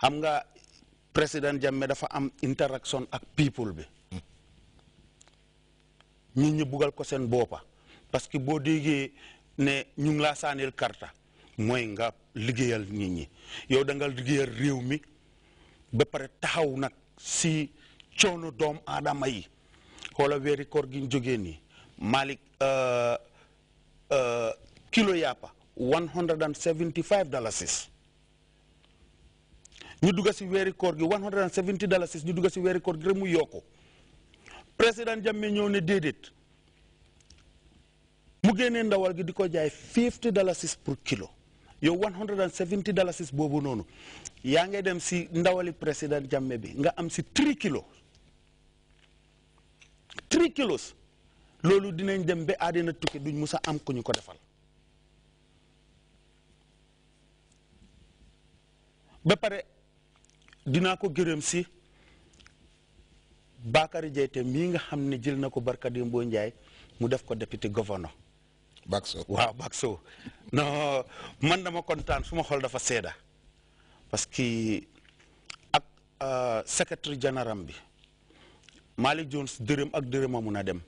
xam nga président Jammeh dafa am interaction ak people bi ñun ñu buggal ko seen boppa parce que boo déggee ne ñu ngi laa saanil karta mooy nga liggéeyal nit ñi yow da nga liggéeyal réew mi ba pare taxaw nag si coono doom aadama yi xoola weeri koor gi ñu jógee nii Malick euh, euh, kilo yàppa one hundred and seventy five dalasis ñu dugg si wéri koor gi 170 dollars ci dugg si wéri koor gi rek mu yoko président jamme ñëw ne déedéet mu génnee ndawal gi diko jaay 50 dalasis pour kilo Yo 170 dalasis bobu nonu ya ngay dem si ndawali président jamme bi nga am si 3 kilo. 3 kilos Lolo dinañ dem be adina tukki duñ musa am ko ñu ko defal. ba pare dinaa ko gërëm si Bakary Diaté mii nga xam ne jël na ko barka démbo Ndiaye mu def ko député gouverneur. Bakso waaw Bakso non man dama kontaan suma xol dafa seeda parce que ak euh, secrétaire général bi Malick Jones dërëm ak dërëm a mun a dem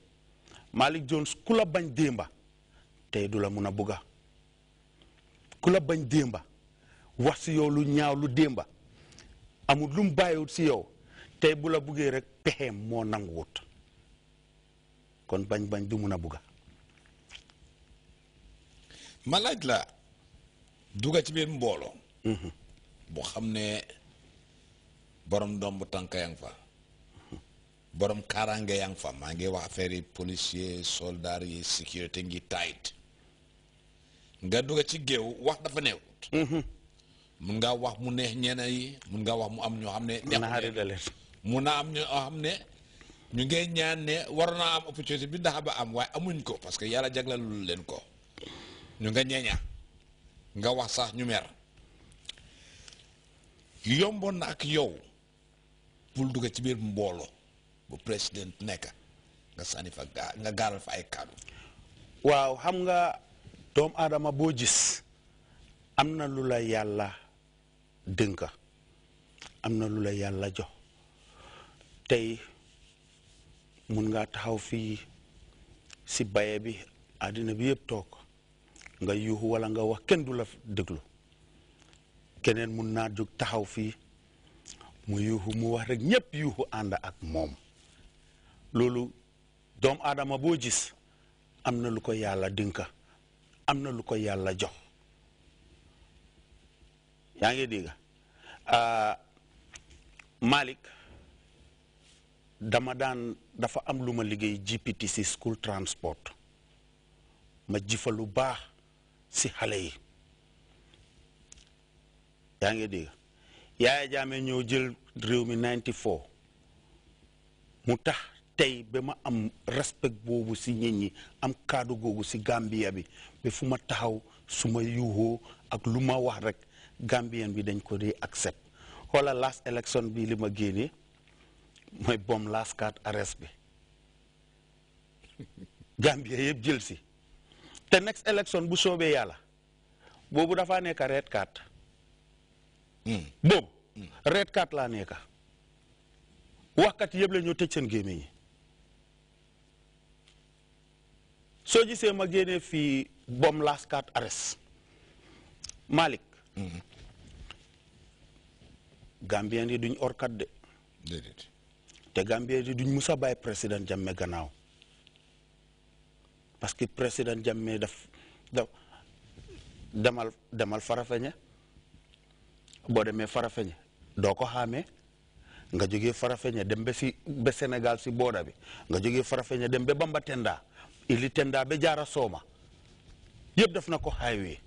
Malick Jones ku bañ démba tey du la mun a bugga kula la bañ démba wax si yow lu ñaaw lu démba amul lu mu bàyyiwut si yow tey bu la buggee rek pexeem moo nanguwut kon bañ bañ du mun a bugga ma la dugga ci biir mbooloo mhm. bu xam ne borom domb tànk yaa ngi fa borom kaaraange yaa ngi fa maa ngi wax affaire yi policier soldaar yi sécurité ngi tight nga dugga ci géew wax dafa neewut mhm. mun nga wax mu neex ñene yi mun nga wax mu am ñoo xam ne. neex mu na am ñoo xam ne ñu ngee ñaan ne war naa am opportunité bi ndax ba am waaye amuñ ko parce que yàlla jaglalul leen ko ñu nga nga wax sax ñu mer yomboon ak yow pour dugg ci biir mbooloo bu président nekk nga sànni fa nga gaaral fa ay kàddu. waaw xam nga adama boo gis am na lu dënka am na lu la yàlla jox tey mun ngaa taxaw fii si baye bi àddina bi yëpp toog nga yuuxu walla nga wax kenn du la déglu keneen mun naa jóg taxaw fii mu yuuxu mu wax rek ñëpp yuuxu ànd ak moom loolu doom aadama boo gis am na lu ko yàlla dinka am na lu ko yàlla jox yaa ngi dégg ah, malik dama daan dafa am lu ma liggéey GPTC school transport ma jifa lu baax si xale yi yaa ngi dégg yaaya jaame ñëw jël réew mi 94 mu tax tey ba ma am respect boobu si nit ñi am kaddu googu si Gambia bi ba fu ma taxaw su ma yuuxoo ak lu ma wax rek Gambien bi dañ ko accept hola last election bi lima my moy bom last card arrest bi Gambia yeb jël The next election bu sobe yalla bobu dafa nek red card hmm. Boom, hmm. red card la neka. waxkat yëpp yeb ñu tëj seen gémmiñ yi soo ma gene fi bom last card arrest Malik. Mm-hmm. gambien ri duñ orkat de dedet te gambien ri duñ musa baye président jamme ganaaw parce que président jamme daf da demal demal farafeña boo demee farafeña doo ko xaamee nga jógee farafeña dem be si be sénégal si booda bi nga jógee farafeña dem be bamba tenda ili tenda be jaara sooma yëpp daf na ko xaywee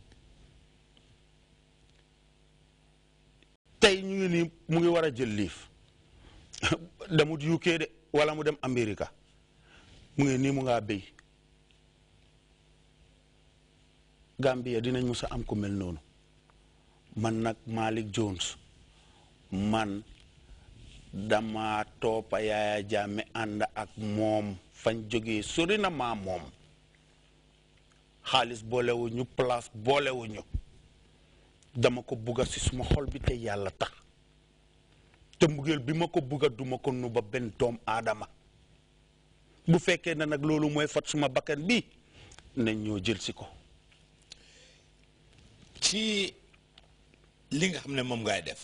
tey ñu ngi nii mu ngi war a jël liif damut UK de wala mu dem Amérique mu ngi nii mu ngaa béy Gambia dinañ mu a am ku noonu man nag Malick Jones man dama toppa Yaaya Jammeh ànd ak moom fañ jóge sori na maa moom xaalis boolewuñu place boolewuñu dama ko bugga ci suma xol bi te yalla tax te mbugel bi ko bugga duma ko nu ba benn doom bu fekke na nak lolu moy fat suma bakkan bi nañ ñu jël ci ko ci li nga xamne mom ngay def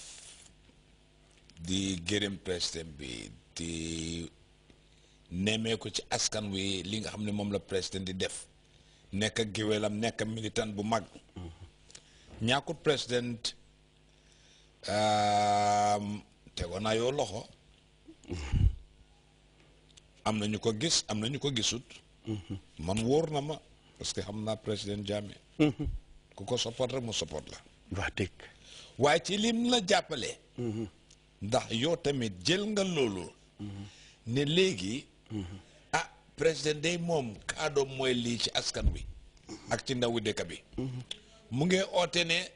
di gërem président bi di neme ko ci askan wi li nga xamne mom la président di def ak géwélam nek militant bu mag Nyakut president tegoon um, naa yo loxo am na ko gis am na ko gisut man wóor na ma parce que xam naa président ku ko support rek mo support la wax dëgg way ci lim la jàppale mhm. ndax yo tamit jël nga loolu mhm. ne ah president day mom kaadoom moy li ci askan wi ak ci ndawu bi mhm mu ngi oté né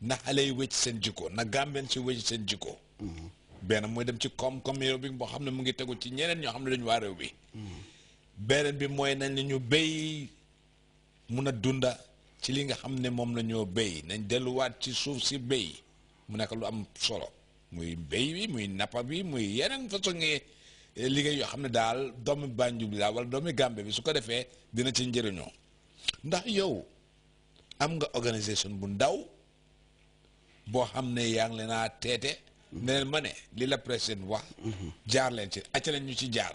na xalé yi wécc seen jikko na gambel ci wécc seen jikko benn mooy dem ci kom kom yow bi boo xam mu ngi tegu ci ñeneen ñoo xam dañu bi benen bi mooy nañ ni ñu dunda ci li nga xam mom la ñoo nañ waat ci suuf si béy mu nekk lu am solo muy béy bi muy napa bi muy yeneen façon ngi liggéey yoo xam ne daal doomi banjub la wala doomi gambe bi su ko defee dina ci njëriñoo ndax yow am nga organisation bu ndaw boo xam ne yaa ngi teete ne leen ma ne li la président wax jaar leen ci acca leen ñu ci jaar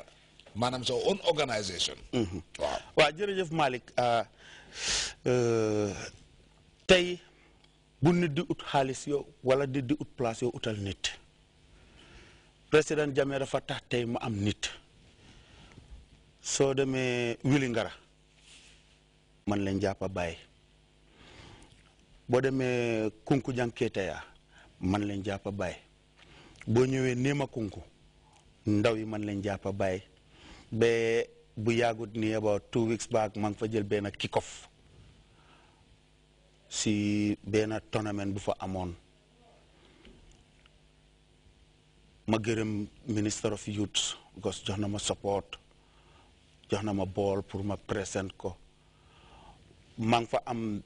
maanaam sa own organisation waaw waaw jërëjëf Malick euh, euh, tey bu nit di ut xaalis yow wala nit di ut place yow utal nit président Jammeh dafa tax tey mu am nit soo demee Wili Ngara man leen jàpp bàyyi boo demee kunku jànkeeteya man leen jàpp baay boo ñëwee néema kunku ndaw yi man leen jàpp baay ba bu yàggut ni about two weeks back maa fa jël benn kikof si benn tournament bu fa amoon ma gërëm minister of youth because jox na ma support jox na ma bool pour ma présent ko maa fa am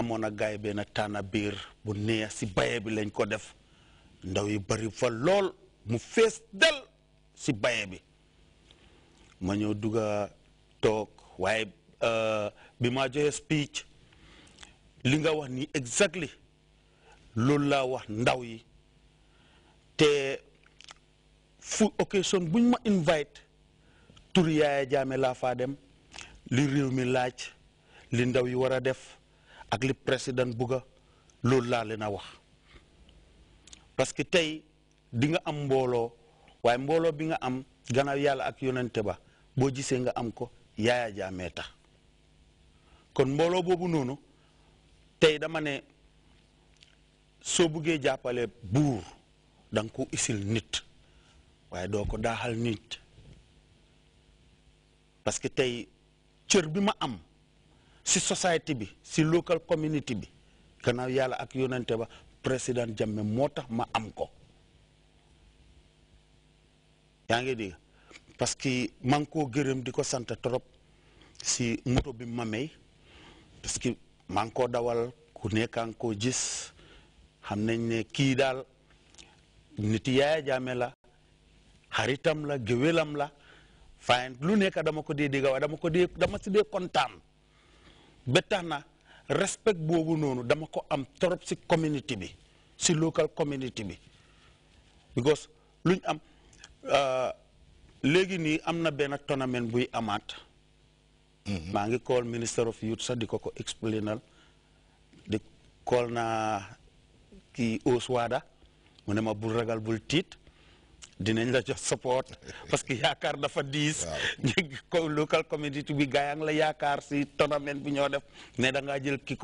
amoon na gaay benn taana biir bu neex si baye bi lañ ko def ndaw yi bari fa lool mu fees del si baye bi ma ñëw dugga toog waaye euh, bi ma joxe speech li nga wax nii exactly loolu laa wax ndaw yi te fu occasion buñ ma invite tur Yaaya Jammeh laa faa dem li réew mi laaj li ndaw yi war def ak li président bugga loolu laa leen a wax parce que tey dinga am mbooloo waaye mbooloo bi nga am gannaaw yàlla ak yonente ba boo gisee nga am ko yaaya jaamee tax kon mbooloo boobu noonu tey dama ne soo buggee jàppale buur da nga isil nit waaye doo ko daaxal nit parce que tey cër bi ma am si society bi si local community bi kana yalla ak yonenté ba président jamme motax ma am ko yaa ngi dégg parce que man ko gërem diko di trop si moto bi ma parce que man ko dawal ku nekan ko gis xam nañ ne ki dal nit yaa la haritam la géwélam la fine lu nekk dama ko dee dégg dama ko dee dama ci contane ba na respect boobu noonu dama ko am trop si community bi si local community bi because luñ am euh, léegi nii am na benn tournament buy amaat. Mm-hmm. maa ngi call minister of youth sax di ko ko explainal di na ki kii Oswada mu ne ma bul ragal bul tiit dinañ la jox support parce que yaakaar dafa dis, ko local community bi gayang la yakar si tournament bi ñoo def ne da nga jël kick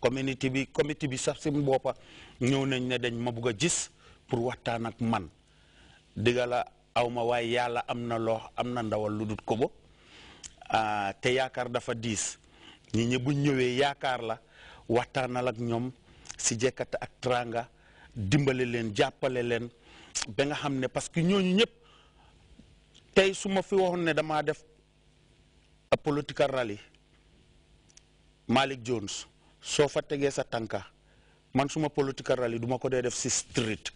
community bi committee bi sax ci mbopa ñew nañ ne dañ ma bëgg gis pour waxtaan ak man digala awma way yalla amna lo amna ndawal luddut ko bo ah, te yakar dafa diis ñi ñi bu ñëwé la waxtaan ak ñom si jekkata ak tranga dimbalé len jappalé len ba nga xam ne parce que ñooñu ñëpp tey su ma fi waxoon ne damaa def a political rally Malick Jones soo fa tegee sa tànka man suma political rally duma ko dee def si street